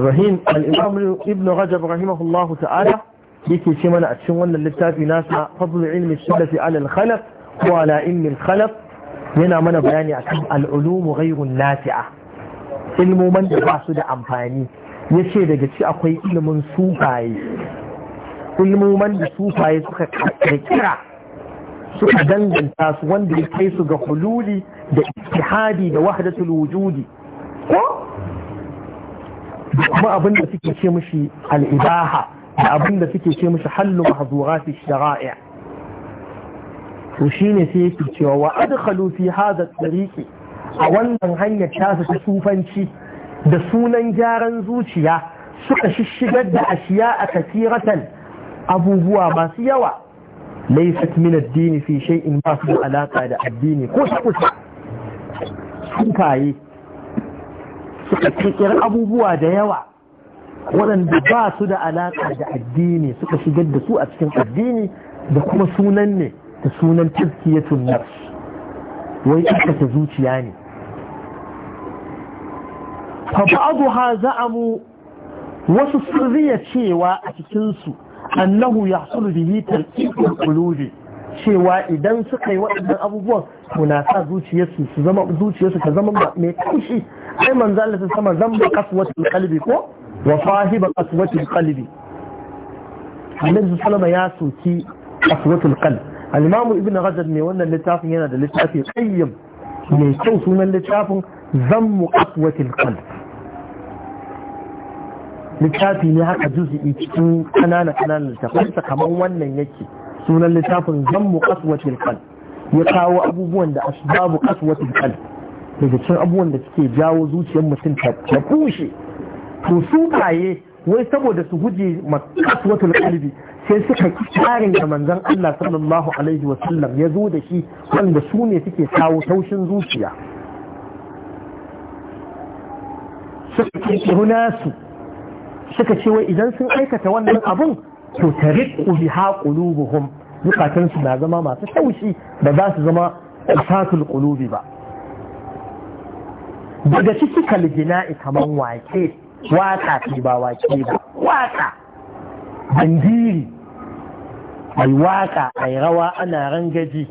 rahim al'imam ibn rajab rahimahullahu ta'ala yake ce mana a cikin wannan littafi nasa fadlu ilmi sunnati ala al-khalaf ko ala ilmi khalaf yana mana bayani akan al-ulum ghayru nafi'a ilmoman da ba su da amfani yace daga ci akwai ilimin sufaye ilmoman da sufaye suka kirkira suka danganta su wanda ya kai su ga hululi da ittihadi da wahdatul wujudi ko kuma abin da suke ce mishi al'ibaha da abin da suke ce mishi hallu mahzurati shara'i to shine sai yake cewa wa adkhalu fi hadha tariqi a wannan hanyar tasa ta sufanci da sunan gyaran zuciya suka shishigar da ashiya a kasiratan abubuwa masu yawa laysat min ad-din fi shay'in ba su da alaka da addini ko kusa sufaye suka abubuwa da yawa waɗanda ba su da alaƙa da addini suka shigar da su a cikin addini da kuma sunan ne da sunan tazkiyatun nafs wai ta zuciya ne fa ba'dha za'amu wasu sirriya cewa a cikin su annahu yahsulu bihi tarkibul qulubi cewa idan suka yi waɗannan abubuwan to na sa zuciyarsu su zama zuciyarsu ta zama mai kaushi ai manzo Allah sama zamba qaswatul qalbi ko wa sahiba qaswatul qalbi annabi sallama ya soki qaswatul qalbi al-imam ibn rajab ne wannan littafin yana da littafi qayyim mai kyau sunan littafin zammu qaswatul qalbi littafi ne haka juzu'i cikin kanana kananan littafansa kamar wannan yake sunan littafin zammu qaswatul qalbi ya kawo abubuwan da asbabu qaswatul qalbi daga cin abubuwan da suke jawo zuciyar mutum ta kushe to su kaye wai saboda su guje wata lalibi sai suka tsarin da manzon Allah sallallahu alaihi wasallam ya zo da shi wanda su ne suke kawo taushin zuciya suka kirkiru su suka ce wai idan sun aikata wannan abun to tariqu biha qulubuhum zukatan na zama masu taushi ba za su zama asatul qulubi ba daga ciki kalgina kamar wake waka ce ba wake ba waka bandiri ai waka ai rawa ana rangaji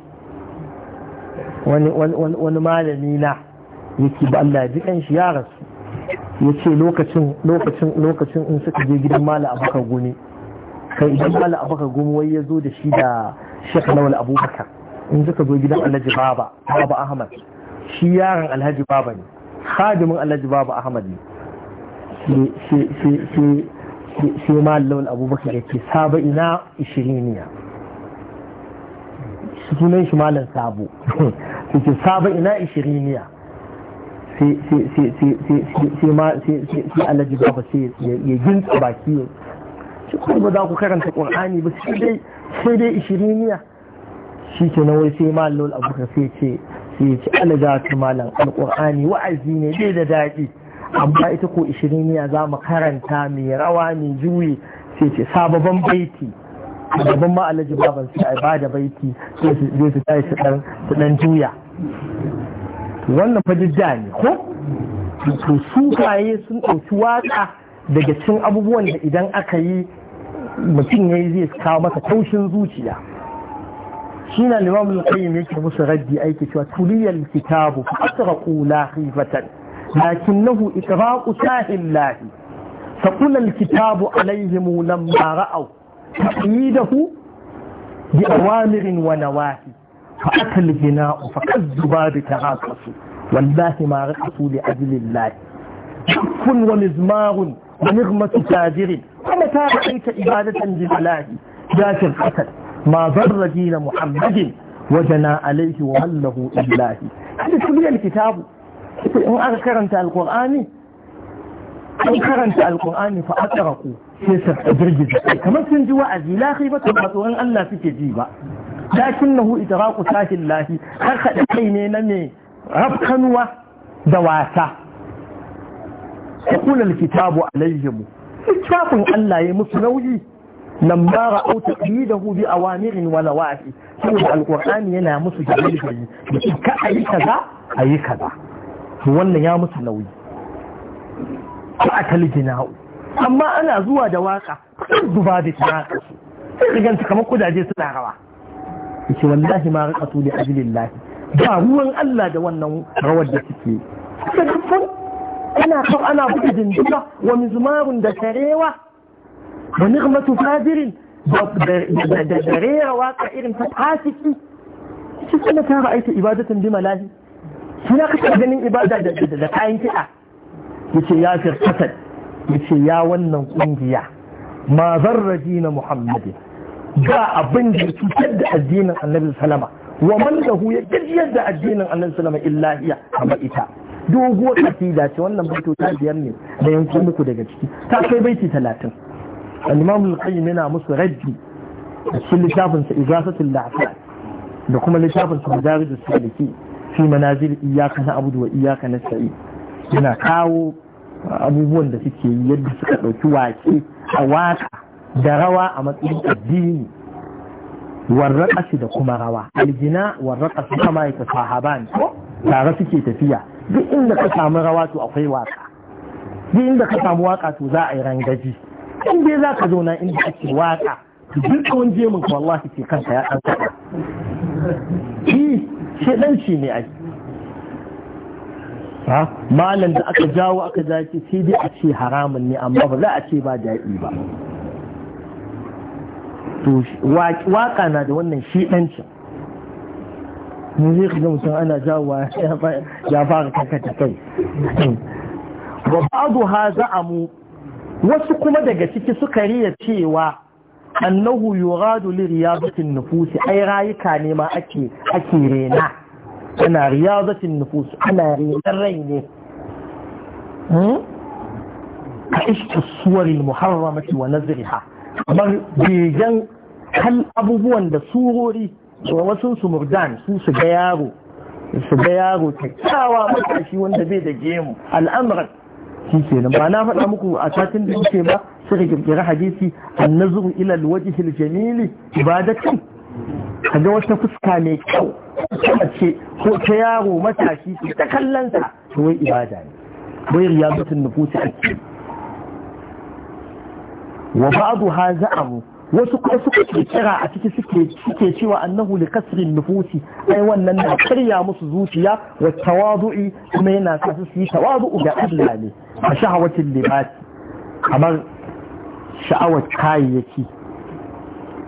wani malami na yake ba Allah ji kan shi ya rasu ya ce lokacin lokacin in suka je gidan mala abakar gumi kai idan mala abakar gumi wai ya zo da shi da wani abubakar in suka zo gidan alhaji baba baba ahmad shi yaron alhaji baba ne khadimin alhaji babu ahmad ne sai malamin abubakar ya ce ina ishiriniya sunan shi malam sabo sai ce sabo ina ishiriniya sai alhaji sai ya ginsa baki shi kuma za ku karanta ƙur'ani ba sai dai ishiriniya shi ke na wai sai malamin abubakar sai ce ce ya ci za su malam alƙur'ani wa'azi ne dai da daɗi amma ita ko ya za mu karanta mai rawa mai juyi ce ce sababan baiti gaban ma alaji baban sai a ba da baiti sai su tayi su dan juya wannan fa jidda ne ko to su kaye sun ɗauki waka daga cikin abubuwan da idan aka yi mutum ya zai kawo masa taushin zuciya شين الإمام القيم يكي مسغدي أي كتوى تلي الكتاب فأطرقوا لا خيفة لكنه إطراق شاه الله فقل الكتاب عليهم لما رأوا تقييده بأوامر ونواهي فأتى الجناء فكذبا بتراقصوا والله ما رقصوا لأجل الله شف ومزمار ونغمة تاجر ومتى رأيت إبادة جملاه ذاك القتل ما ضر دين محمد وجنا عليه وهله إلاه هذا كبير الكتاب إن أكرنت القرآن أن كرنت القرآن فأترقوا كيسر تدرجز كما سنجوا أزي لا خيبة وطوان ألا في كجيبة لكنه إدراك ساه الله أخذ حينينا من ربكا ودواسا يقول الكتاب عليهم littafin Allah ya musu nauyi Nan da hudu a wamirin wala wa'afi Su da alqur'ani yana musu dalili da ka ayi kaza a yi kaza wannan ya musu nauyi ko akal na'u. amma ana zuwa da waka zuba da su sai rigan kamar kudaje suna rawa yace wallahi ma da ajilin ajlillahi ba ruwan Allah da wannan rawar da suke ana ana buga dindiga wa mizmarun da karewa da nigmatu kabirin da rera waka irin ta fasiki shi kuma ta ra'aita ibadatan bi malahi shi na kasa ganin ibada da kayan kiɗa yace ya fi yace ya wannan kungiya ma zarra dina muhammadin ba abin da ya cutar da addinin annabi salama wa man lahu ya gajiyar da addinin annabi salama illa hiya kama ita doguwar kasida ce wannan baito ta biyar ne da yanku muku daga ciki ta kai baiti talatin al-imam al-qayyim yana musu raddi da cikin littafin sa igasatul la'fal da kuma littafin sa madarij as-saliki fi manazil iyyaka na'budu wa iyyaka nasta'in yana kawo abubuwan da suke yi yadda suka dauki waƙe a waka da rawa a matsayin addini warraƙasi da kuma rawa aljina warraƙasi kama ya sahaban tare suke tafiya duk inda ka samu rawa to akwai waka duk inda ka samu waka to za a yi rangaji in dai za ka zauna inda ake waka duk tsawon jemin ka wallahi ce kanka ya ɗan kaɗa shi shi ne ai ha malam da aka jawo aka zaki sai dai a ce haramun ne amma ba za a ce ba daɗi ba to waka na da wannan shi ɗancin mun zai kaga mutum ana jawowa ya fara kakata kai wa za a mu. wasu kuma daga ciki suka riya cewa annahu yuradu li riyadatin nufusi ai rayuka ne ma ake ake rena ana riyadatin nufusi ana renar rai ne hmm? a ishta suwaril muharramati wa nazriha kamar begen kan abubuwan da surori wasu su murdan su su ga yaro su ga yaro kyakkyawa matashi wanda bai da gemu al'amuran shi kenan ba na faɗa muku a satin da kuke ba suka kirkiri hadisi annazuru ila alwajhil jamili ibadatu kaga wata fuska mai kyau ce ko ta yaro matashi ki ta sa, to wai ibada ne wai riyadatun nufusi ake wa ba'du haza abu wasu kuma suka kira a ciki suke cewa annahu li kasri nufusi ai wannan na karya musu zuciya wa tawadu'i kuma yana sa su yi tawadu'u ga Allah ne a sha'awacin libati kamar sha'awar kayayyaki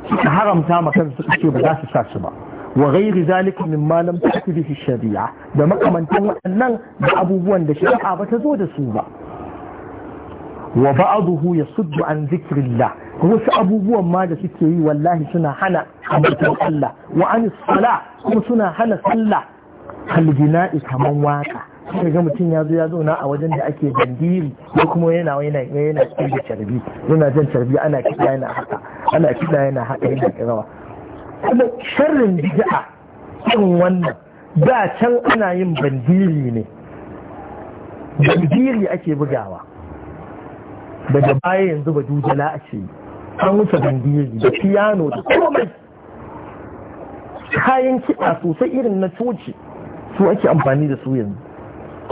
suka haramta ma suka ce ba za su sa su ba wa ghairi zalika malam ta ta'ti bihi shari'a da makamantan waɗannan da abubuwan da shari'a ba ta zo da su ba wa ba'dahu yasuddu an zikrillah wasu abubuwan ma da suke yi wallahi suna hana ambatan Allah wa an sala kuma suna hana sallah kal bina'i kaman waka sai ga mutum ya zo ya zauna a wajen da ake bandiri ko kuma yana yana yana da carbi yana jan carbi ana kiɗa yana haka ana kiɗa yana haka yana kirawa kuma sharrin bid'a irin wannan da can ana yin bandiri ne bandiri ake bugawa daga baya yanzu ba dujala ake yi an wuce bandiri da piano da komai kayan kiɗa sosai irin na coci su ake amfani da su yanzu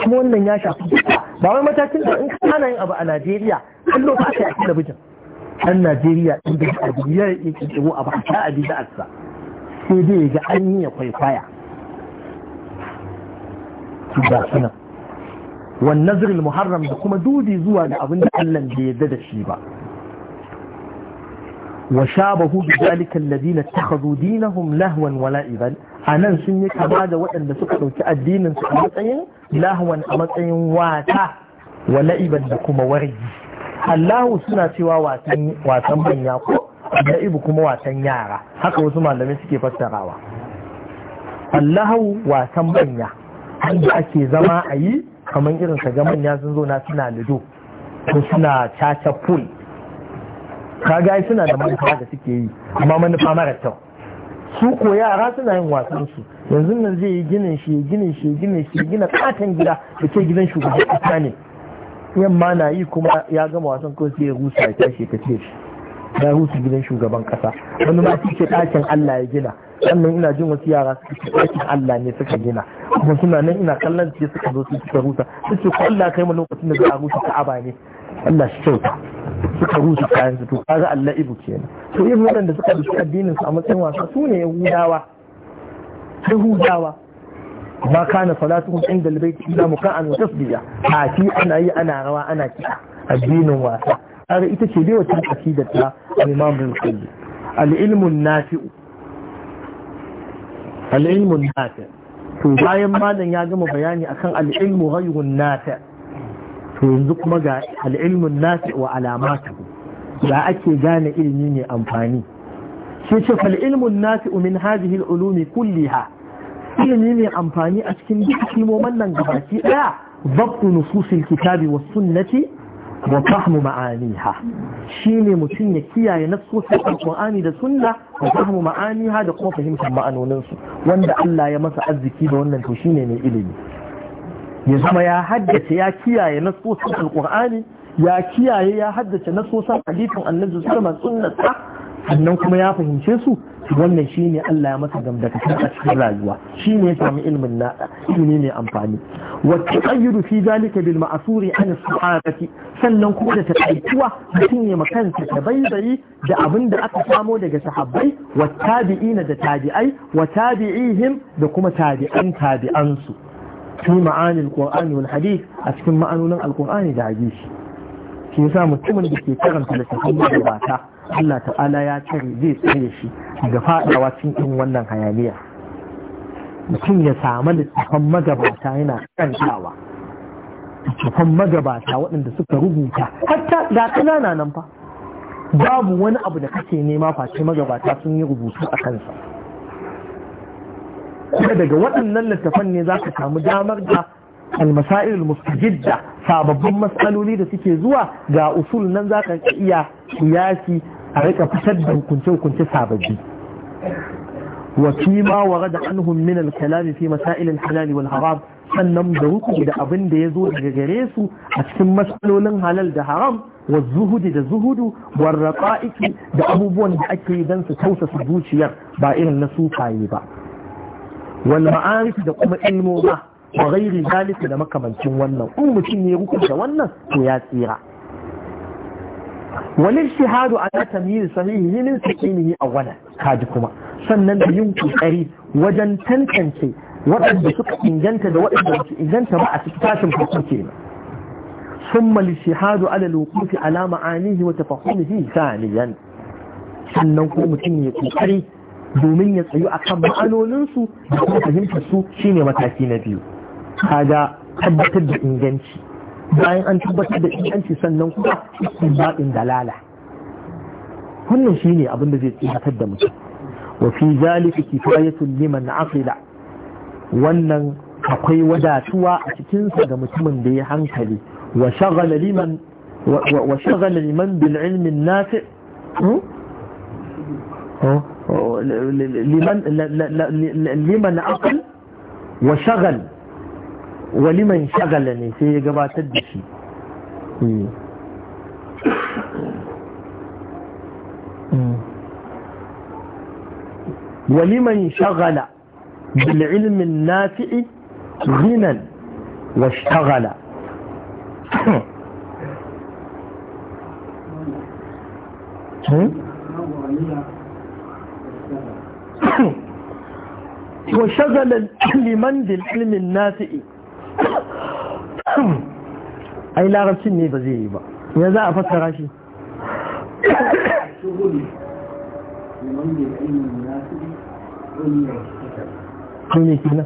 kuma wannan ya shafi ba wai matakin da in kana yin abu a Najeriya kallo ba ka yi a talabijin an Najeriya in da a duniya ya kirkiro abu a ta da asa sai dai ga an yi ya kwaikwaya ba sunan wan nazril muharram da kuma dudi zuwa ga abin da Allah bai yarda da shi ba وشابه بذلك الذين اتخذوا دينهم لهوا ولعبا anan sun yi kama da waɗanda suka ɗauki addinin su a matsayin lahwan a matsayin wata wa la'iban da kuma wargi allahu suna cewa wasan manya ko la'ibu kuma wasan yara haka wasu malamai suke fassarawa allahu wasan manya wanda ake zama a yi kamar irin ga manya sun zo na suna lido ko suna caca pool gai suna da manufa da suke yi amma manufa mara kyau su ko yara suna yin wasan su. yanzu nan zai yi ginin shi ginin shi ginin shi gina katon gida da ke gidan shugaban kasa ne yamma na yi kuma ya gama wasan ko sai ya rusa ya tashi ka ce shi ya rusa gidan shugaban kasa wani ma ce ɗakin Allah ya gina sannan ina jin wasu yara su ce ɗakin Allah ne suka gina kuma suna nan ina kallon su suka zo su suka rusa su ce ko Allah kai mu lokacin da za a rusa ka'aba ne Allah shi kyauta suka rusa kayan su to kaga Allah ibu kenan to yin irin da suka rusa addinin su a matsayin wasa su ne Yahudawa Yahudawa ma kana salatuhum inda albayt illa muka'an wa tasbiya a fi ana yi ana rawa ana kiɗa addinin wasa kaga ita ce dai wata da ta al-Imam bin Qayyim al-ilmu an-nafi'u al-ilmu an-nafi' to bayan malam ya gama bayani akan al-ilmu ghayrun nafi' to yanzu kuma ga al'ilmun nasi wa alamatu ga ake gane ilimi ne amfani shi ce fal'ilmun nasi min hazihi al'ulumi kulliha ilimi ne amfani a cikin duk kimomin nan baki ɗaya, babtu nususil kitabi wa sunnati wa fahmu ma'aniha shine mutum ya kiyaye nassosin alƙur'ani da sunna wa fahmu ma'aniha da kuma fahimtar ma'anoninsu wanda Allah ya masa arziki da wannan to shine mai ilimi ya zama ya haddace ya kiyaye nasosin alkur'ani ya kiyaye ya haddace nasosin hadisin annabi sallama sunnata sannan kuma ya fahimce su wannan shine Allah ya masa gamdakatar a cikin rayuwa shine ya samu ilmin na ilimi ne amfani wa taqayyudu fi zalika bil ma'asuri an sahabati sannan kuma da taqayyuwa mutum ya makanta ta baibayi da abin da aka samo daga sahabbai wa tabi'ina da tabi'ai wa tabi'ihim da kuma tabi'an tabi'ansu fi ma'anin Alƙur'ani wal hadith a cikin ma'anonin Alƙur'ani da hadisi shi yasa mutumin da ke karanta littafin magabata Allah ta'ala ya tare zai tsare shi daga fadawa cikin wannan hayaniya mutum ya samu littafin magabata yana karantawa littafin magabata waɗanda suka rubuta hatta ga ƙanana nan fa babu wani abu da kake nema face magabata sun yi rubutu a kansa kuma daga waɗannan littafan ne za ka samu damar da almasa'il mustajidda sababbin matsaloli da suke zuwa ga usul nan za ka iya kiyasi a rika fitar da hukunce-hukunce sababbi wa ma wara da anhum min al-kalam fi wal haram sannan da ruku da abin da ya zo daga gare su a cikin matsalolin halal da haram wa zuhudi da zuhudu wa raqa'iki da abubuwan da ake yi don su tausasa zuciyar ba irin na sufaye ba Wani ma'arif da kuma ilmoma wa ghairi zalika da makamancin wannan in mutum ne hukunta wannan to ya tsira walil shahadu ala tamyiz sahihi min sakinihi awwalan kaji kuma sannan da yin kokari wajen tantance waɗanda suka inganta da waɗanda su inganta ba a cikin tashin farko kenan ثم الاجتهاد ala الوقوف على معانيه وتفهمه ثانيا sannan ko mutum ya kokari domin ya tsayu akan ma'anoninsu da kuma fahimtar su shine mataki na biyu kaga tabbatar da inganci bayan an tabbatar da inganci sannan kuma istinbatin dalala wannan shine abin da zai tsihatar da mutum wa zalika kifayatun liman aqila wannan akwai wadatuwa a cikinsa ga mutumin da ya hankali wa shagala liman wa shagala liman bil ilmin nafi' hmm? أه؟ لمن, لمن عقل وشغل ولمن شغلني يعني في sai ya ولمن شغل بالعلم النافع غنى واشتغل هم وشغل الأهل من بالعلم النافئ أي لا أعرف سني بزيري با يزا أفتح راشي شغل لمن بالعلم النافئ قلني كنا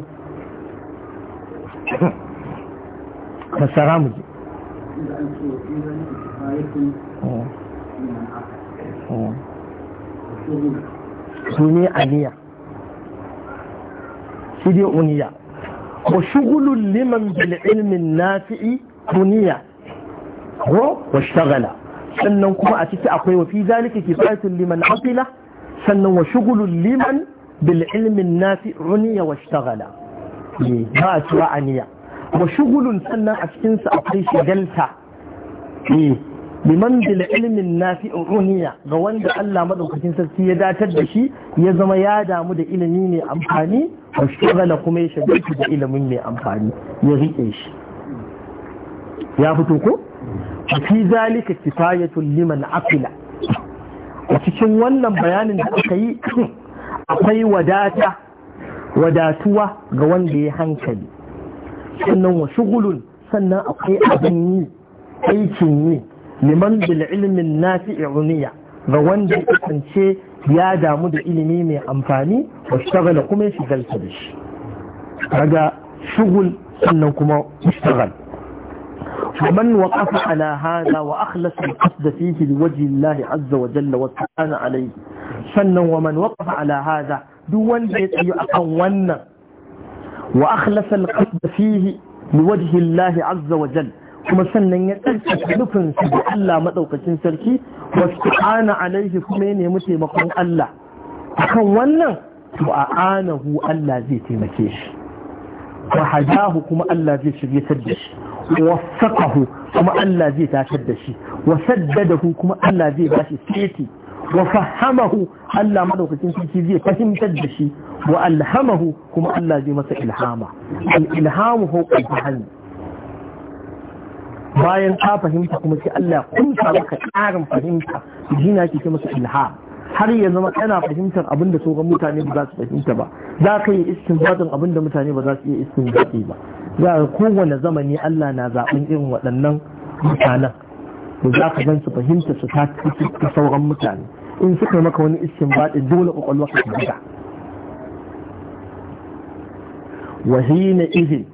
فسرامج إذا أنت وكيفا إذا أنت وكيفا إذا أنت وكيفا sai dai uniya wa shugulun liman bil ilmin nafi'i uniya ko wa shagala sannan kuma a ciki akwai wa fi zalika kifayatun liman aqila sannan wa shugulun liman bil ilmin nafi'i uniya wa shagala eh, ba a cewa aniya wa shugulun sannan a cikinsa akwai shagalta eh. liman bil ilimin nafi uniya ga wanda Allah madaukakin sarki ya datar da shi ya zama ya damu da ilimi mai amfani wa shugala kuma ya shagaltu da ilimin mai amfani ya riƙe shi ya fito ko a fi zalika kifayatul liman aqila a cikin wannan bayanin da aka yi akwai wadata wadatuwa ga wanda ya hankali sannan wa shugulun sannan akwai abin yi aikin yi liman bil ilmin nafi'i uniya ga wanda ya kasance ya damu da ilimi mai amfani wa shagala kuma ya shigalta da shi kaga shugul sannan kuma ishtagal ومن وقف على هذا وأخلص القصد فيه لوجه الله عز وجل والتعالى عليه سنة ومن وقف على هذا دون بيت يأقون وأخلص القصد فيه لوجه الله عز وجل kuma sannan ya nufin su da Allah maɗaukacin sarki wasu ana alaihi kuma ya nemi taimakon Allah akan wannan to a anahu Allah zai taimake shi wa hajahu kuma Allah zai shiryatar da shi sakahu kuma Allah zai tashar da shi wa saddadahu kuma Allah zai shi seti wa fahamahu Allah maɗaukacin sarki zai fahimtar da shi wa alhamahu kuma Allah zai masa ilhama al ilhamu fawqa al bayan ka fahimta kuma sai Allah kunta maka ƙarin fahimta jina ke masa ilha har ya zama kana fahimtar abin da sauran mutane ba za su fahimta ba za ka yi istinbatin abin da mutane ba za su iya istinbati ba za ka kowane zamani Allah na zaɓen irin waɗannan mutanen to za ka gan su fahimta su ta sauran mutane in suka maka wani istinbati dole kwakwalwa ka buga wahina izin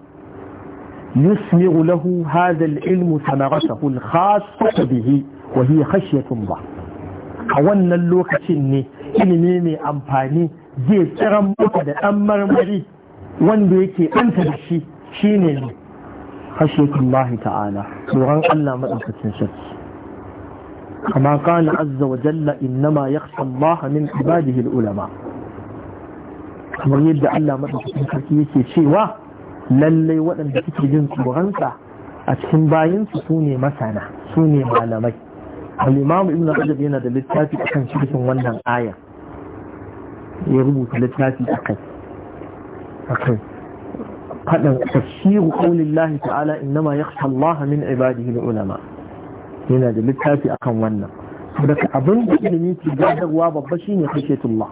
يسمع له هذا العلم ثمرته الخاصه به وهي خشيه الله kawan lokacin ne ilimi mai amfani zai tsiran maka da dan marmari wanda yake anta da shi shine ne hashekin lahi ta'ala tsoron allah maɗaukacin sarki kama kana azza wa jalla innama ya kasan min ibadihi ulama kamar yadda allah maɗaukacin sarki yake cewa lallai waɗanda suke jin tsoronsa a cikin bayansu su ne masana su ne malamai al'imamu ibn rajab yana da littafi a kan shirkin wannan aya ya rubuta littafi a kai a kai faɗin tafsiru ƙaunin ta'ala innama ya Allah min ibadihi ulama yana da littafi a kan wannan daga abin da ilimi ke gadarwa babba shine kashe tullah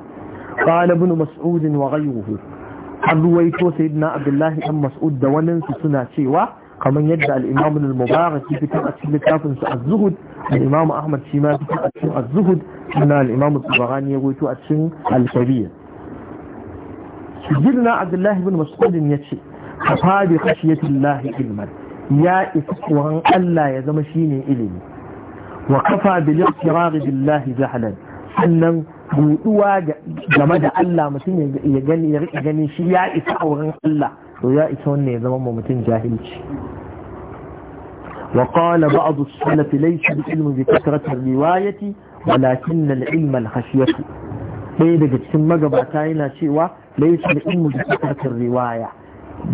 قال ابن مسعود وغيره an ruwaito na abdullahi dan mas'ud da waninsu suna cewa kamar yadda al al-mubarak fitar a cikin littafin su az-zuhud al-imam ahmad shi ma fitar a cikin az-zuhud suna al al-tabarani ya ruwaito a cikin al-kabir sayyidina abdullahi bin mas'ud yace kafa bi khashiyatillahi ilman ya isa tsoron Allah ya zama shine ilimi wa kafa bil iqrar billahi jahlan sannan buɗuwa game da Allah mutum ya gani ya rika gani shi ya isa a wurin Allah to ya isa wannan ya zama mutum jahilci وقال بعض السلف ليس العلم walakin الرواية ولكن العلم الخشية sai daga cikin magabata yana cewa laisa da ilmu da kasarkar riwaya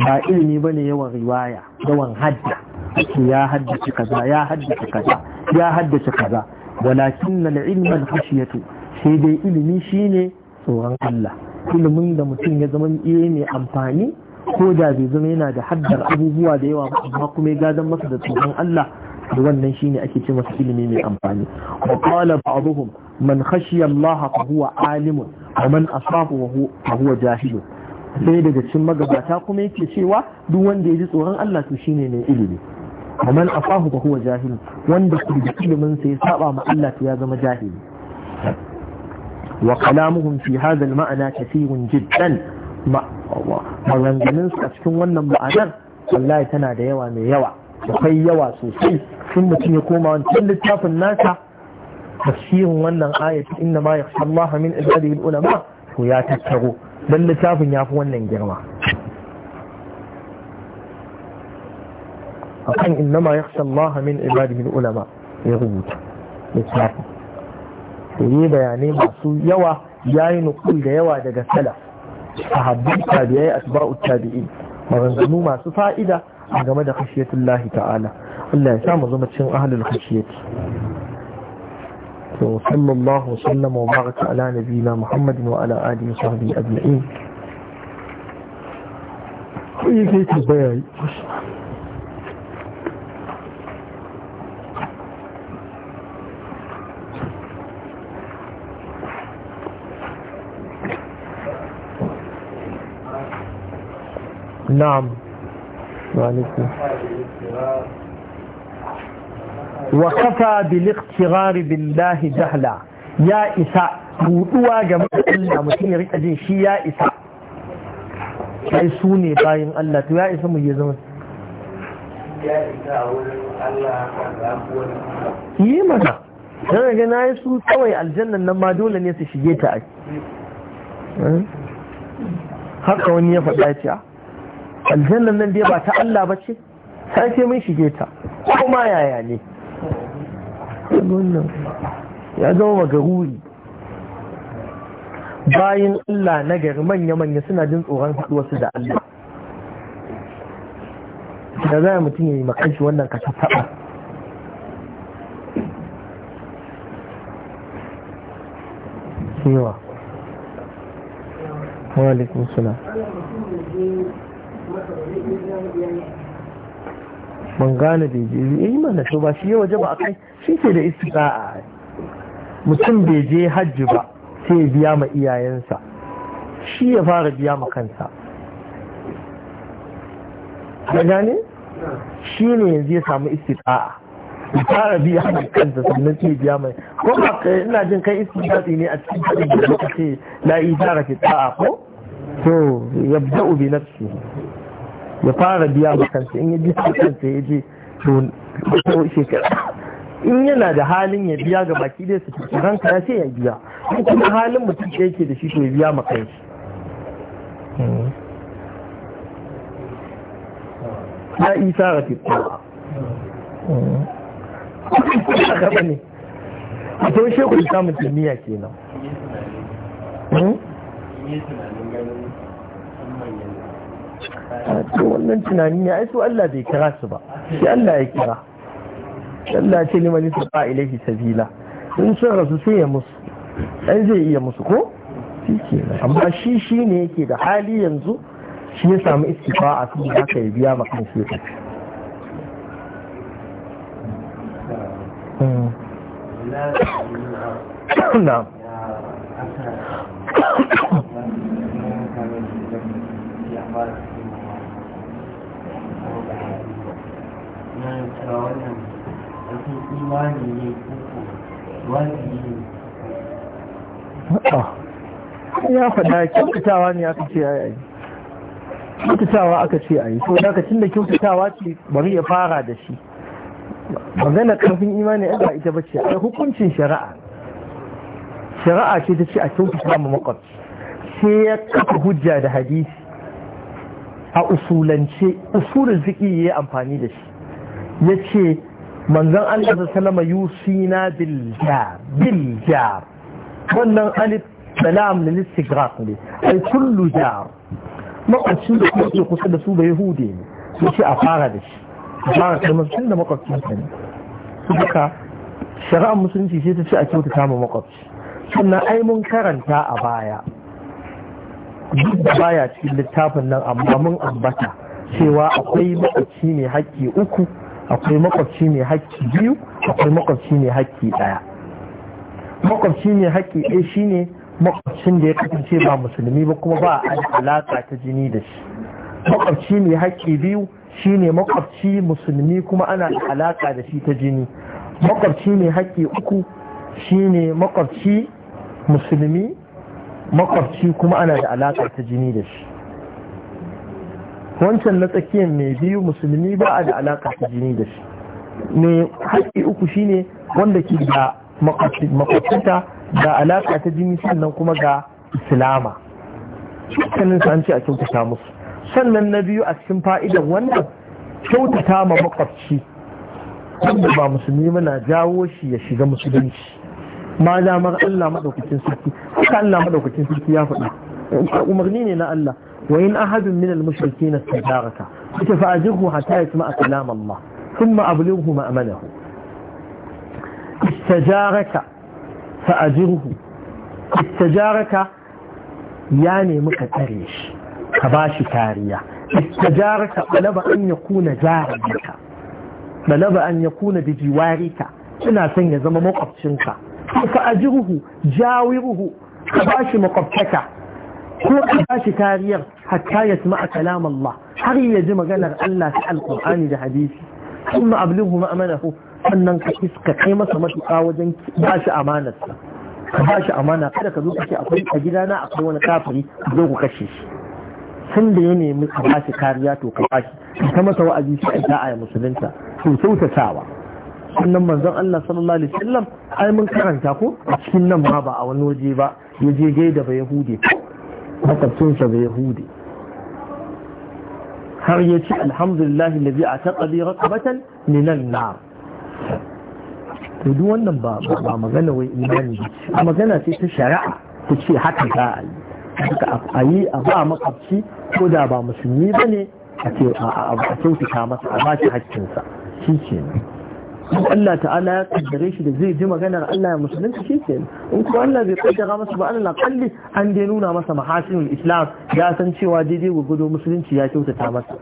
ba ilimi ba ne yawan riwaya yawan hadda ake ya haddace kaza ya haddace kaza ya haddace kaza walakin na ilman hashiyatu sai dai ilimi shine tsoron Allah ilimin da mutum ya zama iya eh, mai amfani ko da bai zama yana da haddar abubuwa da yawa amma kuma ya gadon masa da tsoron Allah da wannan shine ake ce masa ilimi mai amfani wa qala ba'dhum man khashiya Allah fa huwa alimun wa man asafa wa huwa sai daga cikin magabata kuma yake cewa duk wanda ya ji tsoron Allah to shine mai ilimi ومن أصاه jahilu, wanda وان دخل بكل من سيصاب مع الله ya zama jahilu. وكلامهم في هذا المعنى كثير جدا maganganun su a cikin wannan ma'anar wallahi tana da yawa mai yawa akwai yawa sosai sun mutum ya koma wannan littafin nasa tafsirin wannan ayati inna ma yahsallaha min ibadihi alulama ko ya tattaro dan littafin yafi wannan girma akan inna ma yahsallaha min ibadihi alulama ya rubuta littafin to yi bayanai masu yawa ya yi nukul da yawa daga salaf sahabbin tabi'ai asba'u tabi'i maganganu masu fa'ida a game da khashiyatullahi ta'ala Allah ya sa mu zama cikin ahlul khashiyati to sallallahu sallama wa baraka ala nabiyina muhammadin wa ala alihi wa sahbihi ajma'in ko yake bayani نعم وعليكم وكفى بالاقتغار بالله جهلا يا إساء buɗuwa ga Allah mutum ya rika jin shi ya isa sai su bayan Allah ya isa mu ya zama ya isa wurin Allah ka yi mana dan ga na su kawai aljannan nan ma dole ne su shige ta ai eh? haka wani ya faɗa ce ah, aljannan nan dai ba ta Allah ba ce sai sai mun shige ta kuma yaya ne ya zama magaruri bayan Allah na gari manya-manya suna jin tsoron haɗuwarsu da Allah da za mutum ya yi makanshi wannan ka taɓa yawa. wa alaikun suna ban gane bai je yi eh, mana to ba shi ya waje ba a kai shi ke da istiqa'a mutum bai je hajji ba sai ya biya ma iyayensa shi ya fara biya ma kansa ka gane shi ne yanzu ya samu istiqa'a ya fara biya ma kansa sannan sai ya biya ma ko ba ina jin kai istiqa'i ne a cikin hadin da ce la'i fara fi ta'a ko to yabda'u bi nafsihi ya fara biya makansa in ya ji kansa ya je to shekara in yana da halin ya biya ga baki dai su fito ranka ya ce ya biya in kuma halin mutum da yake da shi to ya biya makansa ya isa ga fitowa a gaba ne a to shekul samun tumiya kenan hmm? to wannan tunani ya ai su Allah bai kira su ba shi Allah ya kira Allah ya ce liman yusfa ilahi sabila in sun rasu sai ya musu ai zai iya musu ko amma shi shi ne yake da hali yanzu shi ya samu istifa a kan haka ya biya ma ya shi cewa wannan abin imani ne koko wajibi ne ah, ya faɗa kyautatawa ne aka ce yi, kyautatawa aka ce yi. so lokacin da kyautatawa ce bari ya fara da shi magana karfin imani ba ita ba ce a hukuncin shari'a shari'a ce ta ce a kyautata ma makwabci sai ya kafa hujja da hadisi a usulance usulun ziki ya yi amfani da shi ya ce manzan Allah da salama yusina biljar biljar wannan alif salam na listigraf ne ai kullu jar makwacin da kuma ke kusa da su da yahude ne ya ce a fara da shi a fara kalmar sun da makwacin sa ne su duka shari'ar musulunci sai ta ce a kyauta samun makwabci sannan ai mun karanta a baya duk da baya cikin littafin nan amma mun ambata cewa akwai makwabci ne haƙƙi uku akwai makwabci mai haƙƙi biyu akwai makwabci mai haƙƙi ɗaya makwabci mai haƙƙi ɗaya shine makwabcin da ya kasance ba musulmi ba kuma ba a alaƙa ta jini da shi makwabci mai haƙƙi biyu shine makwabci musulmi kuma ana alaƙa da shi ta jini makwabci mai haƙƙi uku shine makwabci musulmi makwabci kuma ana da alaƙa ta jini da shi wancan na tsakiyar mai biyu musulmi ba a da alaka ta jini da shi ne haƙƙi uku shine wanda ke da makwacinta da alaka ta jini sannan kuma ga islama dukkanin su an ce a kyautata musu sannan na biyu a cikin fa'idan wanda kyautata ma makwabci wanda ba musulmi muna jawo shi ya shiga musulunci ma damar Allah maɗaukacin sarki haka Allah maɗaukacin sarki ya faɗa umarni ne na Allah وإن أحد من المشركين استجارك فأجره حتى يسمع كلام الله ثم أبلغه مأمنه استجارك فأجره استجارك يعني مكتريش كباش كارية استجارك طلب أن يكون جارك طلب أن يكون بجوارك إنا son ya zama فأجره جاوره ajiruhu jawiruhu ko a bashi kariyar hatta ya sami a kalam Allah har ya ji maganar Allah ta alƙur'ani da hadisi sun ma abluhu ma'amanahu sannan ka iska kai masa matuƙa wajen shi amanarsa ka shi amana kada ka zo ka ce akwai a gidana akwai wani kafiri zo ku kashe shi tun da ya nemi ka bashi kariya to ka bashi ka masa wa'azi sai da'a ya musulunta to sautatawa sannan manzon Allah sallallahu alaihi wasallam ai mun karanta ko a cikin nan ma ba a wani waje ba ya je gaida ba yahudi makwabcinsa da yahudi har ya ce alhamdulillah lazi a taƙali rakabatan nan na to duk wannan ba magana wai imani a magana ce ta shari'a ta ce haka za a yi haka a yi a ba makwabci ko da ba musulmi ba ne a kyautata masa a ba shi haƙƙinsa shi ke nan in Allah ta'ala ya kaddare shi da zai ji maganar Allah ya musulunta shi ke in kuma Allah zai kaddara masa ba Allah kalli an dai nuna masa mahasinul islam ya san cewa daidai gwagwado musulunci ya kyautata masa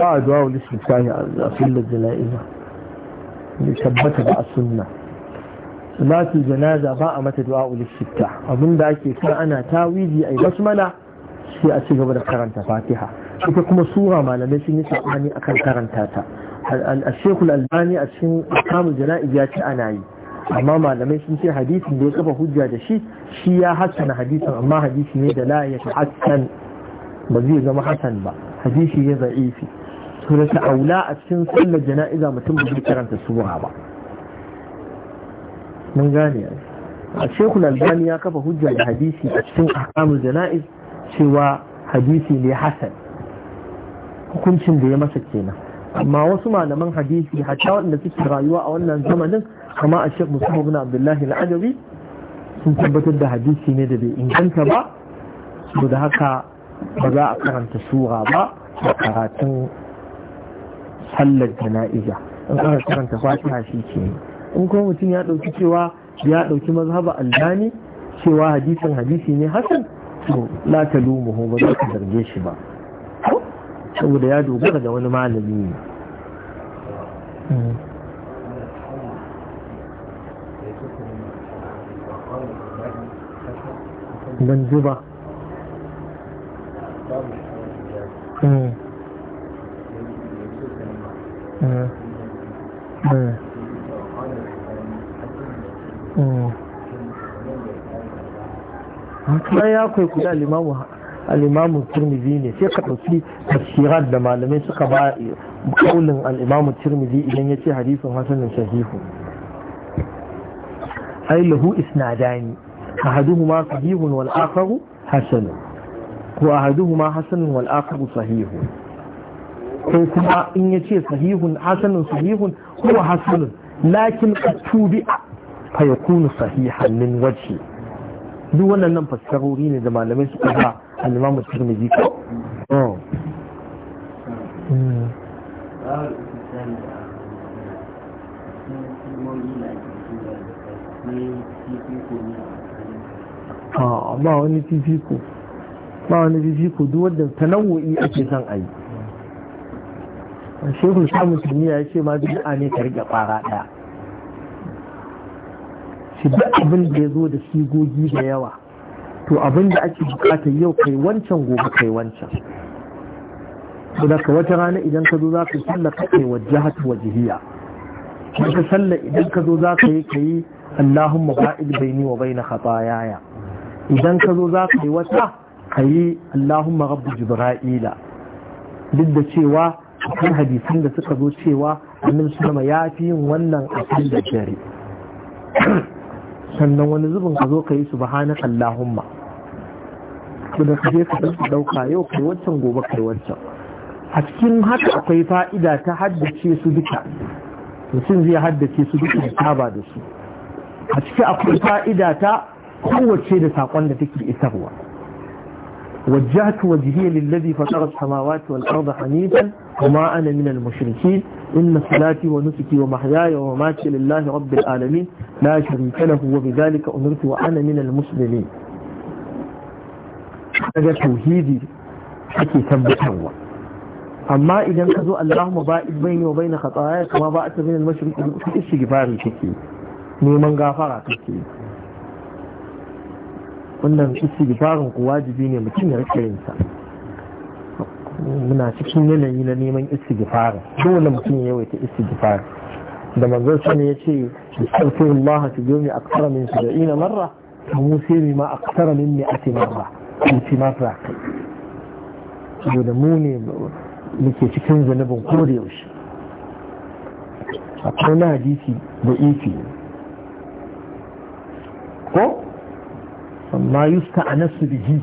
ba a duwa wani sultani a filin jala'iza bai tabbata ba a sunna salatul janaza ba a mata du'a ul sitta abinda ake kira ana tawiji ai basmala sai a ci gaba da karanta fatiha ita kuma sura malamai sun yi sabani akan karanta ta al-shaykh al-albani a cikin kamul jana'iz ya ce ana yi amma malamai sun ce hadisin da ya kafa hujja da shi shi ya hassana hadisin amma hadisi ne da la ya hassan ba zai zama hassan ba hadisi ya za'ifi sura ta aula a cikin sallar jana'iza mutum ba zai karanta sura ba mun gane a shekul albani ya kafa hujja da hadisi a cikin ahkamul jana'iz cewa hadisi ne hasan hukuncin da ya masa kenan amma wasu malaman hadisi hatta waɗanda suke rayuwa a wannan zamanin kama a shekul musamman bin abdullahi al'adawi sun tabbatar da hadisi ne da bai inganta ba da haka ba za a karanta sura ba a karatun sallar jana'iza in aka karanta fatiha shi ke in kuma mutum ya ɗauki cewa ya ɗauki mazhaba aljani cewa hadisin hadisi ne hasan to la ta lumuhu ba za ka zarge shi ba saboda ya dogara da wani malami ne ban ji mm Mm. Mm. Mm. kuma ya kwaikwayi alimamu alimamu turmizi ne sai ka ɗauki tafsirat da malamai suka ba kaulin al'imamu turmizi idan ya ce hadisin hasanin sahihu ai lahu isnadani ahaduhuma sahihun wal akharu hasan ko ahaduhuma hasanun wal akharu sahihun ko kuma in ya ce sahihun hasanun sahihun huwa hasanun lakin qad tubi fa yakunu sahihan min wajhi duk wannan nan fassarori ne da malamai suka ba al-imamu tirmidhi ko oh. hmm. ah, ba wani fifiko ba wani fifiko duk wadda nau'o'i ake son a yi shekul samun tuniya ya ce ma a ne ka rike kwara ɗaya shi duk abin da ya zo da sigogi da yawa to abin da ake bukata yau kai wancan gobe kai wancan da ka wata rana idan ka zo za ka sallar ka kai wajahatu wajihiya in ka sallar idan ka zo za ka yi ka yi allahumma ba'id baini wa baina khatayaya idan ka zo za ka yi wata ka yi allahumma rabbu jibra'ila duk da cewa akwai hadisan da suka zo cewa annabi sallama ya fi yin wannan a da dare sannan wani zubin ka zo ka yi su subhanaka allahumma kuma ka je ka dauka yau kai waccan gobe kai waccan a cikin haka akwai fa'ida ta haddace su duka mutum zai haddace su duka da saba da su a ciki akwai fa'ida ta kowace da saƙon da take isarwa وجهت وجهي للذي فطر السماوات والأرض حنيفا وما أنا من المشركين إن صلاتي ونسكي ومحياي ومماتي لله رب العالمين لا شريك له وبذلك أمرت وأنا من المسلمين هذا توحيدي حكي تنبتوا أما إذا كذو اللهم بائد بيني وبين خطاياك وما بائت بين المشركين في الشجفاري شكي نيمان غافرة شكي wannan istighfarin ku wajibi ne mutum ya rike yin sa muna cikin yanayi na neman istighfarin dole mutum ya yawaita istighfar da manzon sani ya ce astaghfirullah fi yawmi akthara min ina marra fa musiri ma akthara min 100 marra mutum ma fa da mu ne muke cikin zanubin ko da yaushe akwai na hadisi da ifi ko amma yusta a nasu bihi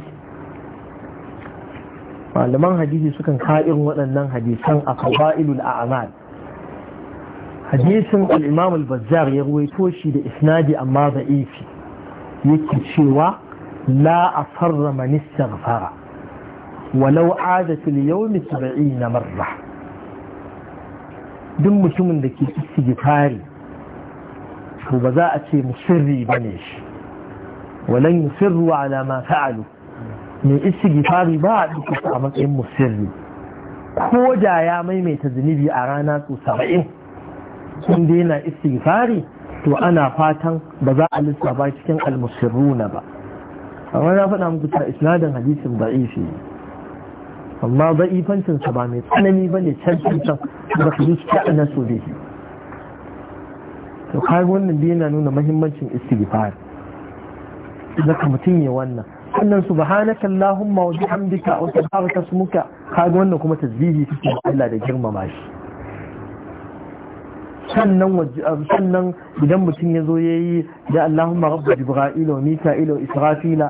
malaman hadisi sukan ka'irin waɗannan hadisan a kawa'ilul a'amal hadisin al al-bazzar ya ruwaito shi da isnadi amma za'ifi yake cewa la asarra man istaghfara walau adat al-yawm 70 marra duk mutumin da ke istighfari to ba za a ce musirri bane shi ولن yusirru على ma fa'alu من istighfari ba a duka a matsayin musirri ko da ya maimaita zunubi a rana su saba'in sun daina istighfari to ana fatan ba za a lissafa cikin almusirruna ba amma na faɗa muku ta isnadin hadisin da'ifi amma da'ifancin sa ba mai tsanani ba ne can can ba ta ana so da shi to kai wannan da yana nuna muhimmancin istighfari zaka mutum ya wannan sannan subhanaka allahumma wa bihamdika wa tabaraka ismuka kaga wannan kuma tasbihi take Allah da girmama shi sannan sannan idan mutum ya zo yayi da allahumma rabb jibril wa mika'il wa israfil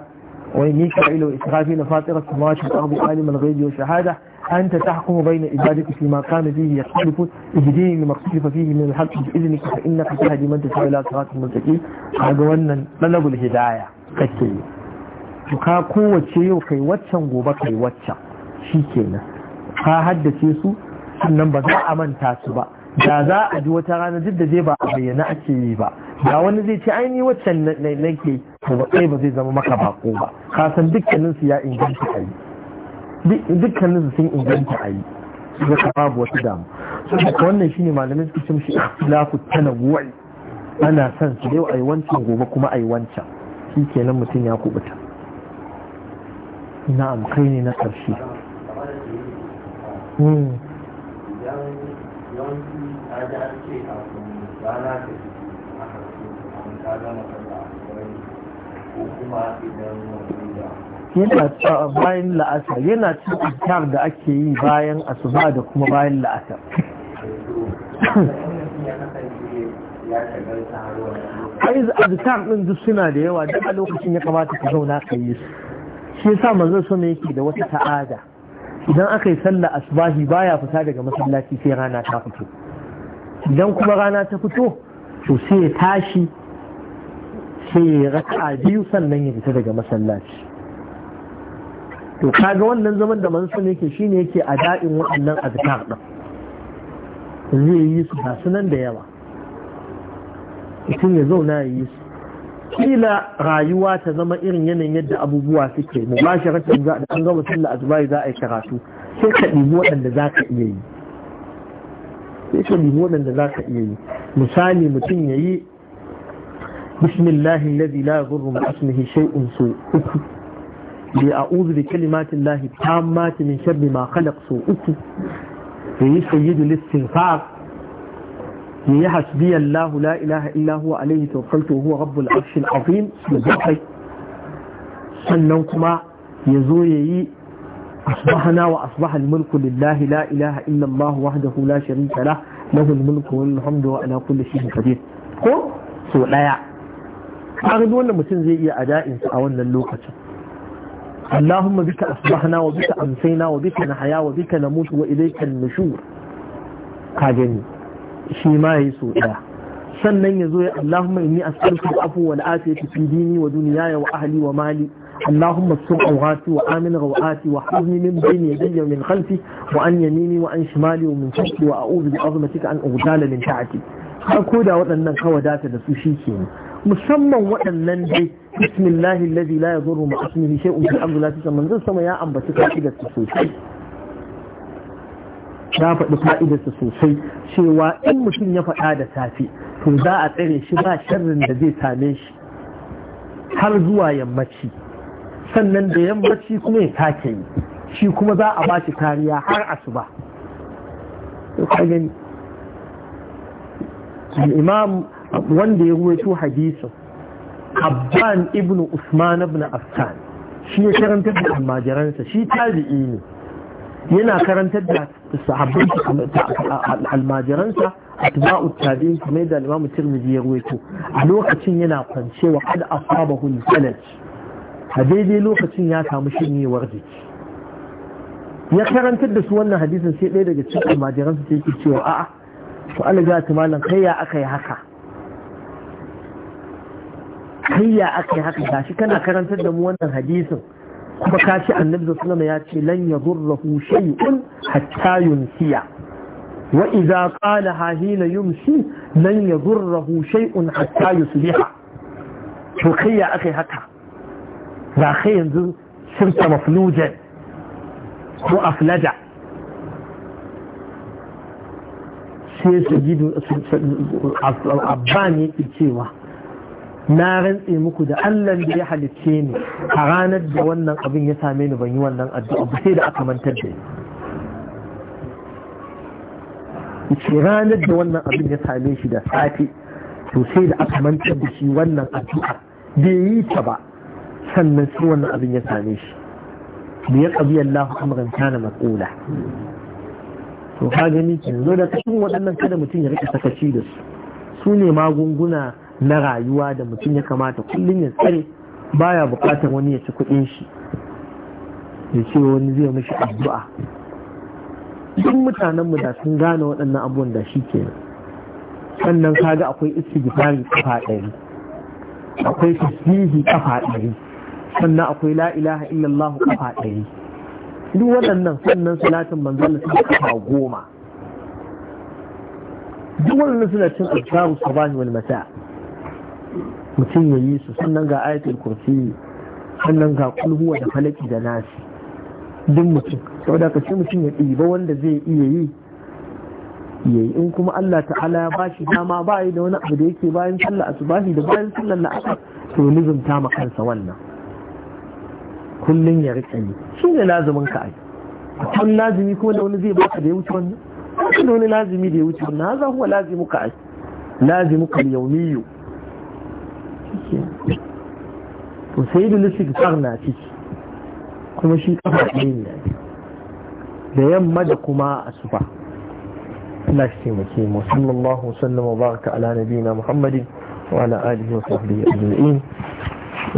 wa mika'il wa israfil fatir samawati wal ardi alim al-ghayb wa shahada أنت تحكم بين عبادك فيما كان فيه يختلفون اهديني لما اختلف فيه من الحق بإذنك فإنك تهدي من تشاء إلى صراط المستقيم هذا هو طلب hidayah. kake yi ka kowace yau kai waccan gobe kai waccan shi kenan ka haddace su sannan ba za a manta su ba da za a ji wata rana duk da zai ba a bayyana ake yi ba da wani zai ce aini waccan nake to ba kai ba zai zama maka bako ba kasan san dukkanin ya inganta a yi dukkanin sun inganta a yi ya ka babu wata damu saboda wannan shine malamin suke cin shi ikhtilafu tanawwu'i ana son su yau yi wancan gobe kuma a yi wancan shi kenan mutum ya kubuta na'am kai ne na ƙarshe hmm. yana bayan la'asar yana cin ikar da ake yi bayan asuba da kuma bayan la'asar ai azkar din duk suna da yawa duk a lokacin ya kamata ka zauna ka yi su shi yasa manzo ne yake da wata ta'ada idan aka yi sallah asbahi baya fita daga masallaci sai rana ta fito idan kuma rana ta fito to sai ya tashi sai ya raka biyu sannan ya fita daga masallaci to kaga wannan zaman da manzo ne yake shine yake a da'in waɗannan azkar ɗin. zai yi su nan da yawa mutum ya zauna ya yi su kila rayuwa ta zama irin yanayin yadda abubuwa suke mu ba shi rashin za an gama sallah azbai za a yi karatu sai ka ɗibi waɗanda za ka iya yi sai ka ɗibi waɗanda za ka iya yi misali mutum ya yi bismillahi lazi la yadurru ma ismihi shay'un su uku bi a'udhu bi kalimatin lahi tammati min sharri ma khalaq su uku ya yayi sayyidul istighfar ya hasbi Allah la ilaha illa huwa alaihi tawakkaltu huwa rabbul arshil azim subhanahu sannan kuma yazo yayi asbahana wa asbaha al-mulku lillahi la ilaha illa Allah wahdahu la sharika lah lahu al-mulku wal hamdu wa ala kulli shay'in qadir ko so daya kaga wannan mutum zai iya ada'in a wannan lokacin اللهم بك أصبحنا وبك أمسينا وبك نحيا وبك نموت وإليك النشور قاجني shi ma yi so ɗaya sannan ya zo ya Allahumma inni as'aluka al-afwa wal afiyata fi dini wa dunyaya wa ahli wa mali اللهم min عوراتي وآمن روعاتي واحفظني من بين يدي ومن خلفي وعن يميني وعن شمالي ومن فوقي وأعوذ بعظمتك an أغتال من تحتي ko da waɗannan kawadata da su shi ke musamman waɗannan dai bismillahi allazi la yadurru ma ismihi shay'un fil ardi la tusamma sama ya ambaci kashi da su sosai ya faɗi fa'idarsa sosai cewa in mutum ya faɗa da safe to za a tsare shi ba sharrin da zai same shi har zuwa yammaci sannan da yammaci kuma ya take yi shi kuma za a ba shi kariya har asuba imam wanda ya ruwaito hadisin abban ibn usman ibn affan shi ya karantar da almajiransa shi tabi'i ne yana karantar da sahabbai almajiransa atba'u tabi'in kuma da Imam Tirmidhi ya ruwaito a lokacin yana kwance wa kad asabahu al-falaj a daidai lokacin ya samu shiryewar jiki ya karantar da su wannan hadisin sai ɗaya daga cikin almajiransa sai yake cewa a'a to alaga ta malam kai ya aka yi haka kai ya aka yi haka gashi kana karantar da mu wannan hadisin kuma kashi annabi sallallahu ya ce lan hushai shay'un hatta yunsiya wa idza qala hahina yumsi lan yadurruhu shay'un hatta yusbiha to kai ya akai haka ba kai yanzu shirka maflujan ko aflaja sai su gidu abban yake cewa na rantse muku da Allah da ya halicce ni a ranar da wannan abin ya same ni ban yi wannan addu'a ba sai da aka mantar da ni ce ranar da wannan abin ya same shi da safe to sai da aka mantar da shi wannan addu'a bai yi ta ba sannan sai wannan abin ya same shi mu ya ƙabi Allah amran kana maqula to ka gani kin zo da cikin waɗannan kada mutum ya rika sakaci da su su ne magunguna na rayuwa da mutum ya kamata kullum ya tsare baya bukatar wani ya ci kudin shi ya ce wani zai mashi addu'a duk mutanenmu da sun gane waɗannan abubuwan da shi ke sannan kaga akwai gifari kafa ɗari akwai tasbihi kafa ɗari sannan akwai la ilaha illallah kafa ɗari duk waɗannan sannan salatin manzon sun kafa goma duk waɗannan suna cin azkaru sabani wal masa' mutum ya yi su sannan ga ayatul kursi sannan ga kulhuwa da falaki da nasi duk mutum saboda ka ce mutum ya ɗiba wanda zai iya yi Ya yi in kuma Allah ta'ala ya bashi dama ba yi da wani abu da yake bayan sallah shi da bayan sallar la'asar to nizumta ma kansa wannan Kullum ya rika yi shi ne lazumin ka ai akwai lazimi kuma da wani zai baka da ya wuce wannan akwai da wani lazimi da ya wuce wannan haza huwa lazimuka ai lazimuka yaumiyu to sai da lissigfar na ciki kuma shi kafa ɗaya ne da yamma da kuma asuba Allah shi taimake mu sallallahu sallam wa baraka ala nabiyina Muhammadin wa ala alihi wa sahbihi ajma'in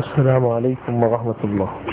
assalamu alaikum wa rahmatullah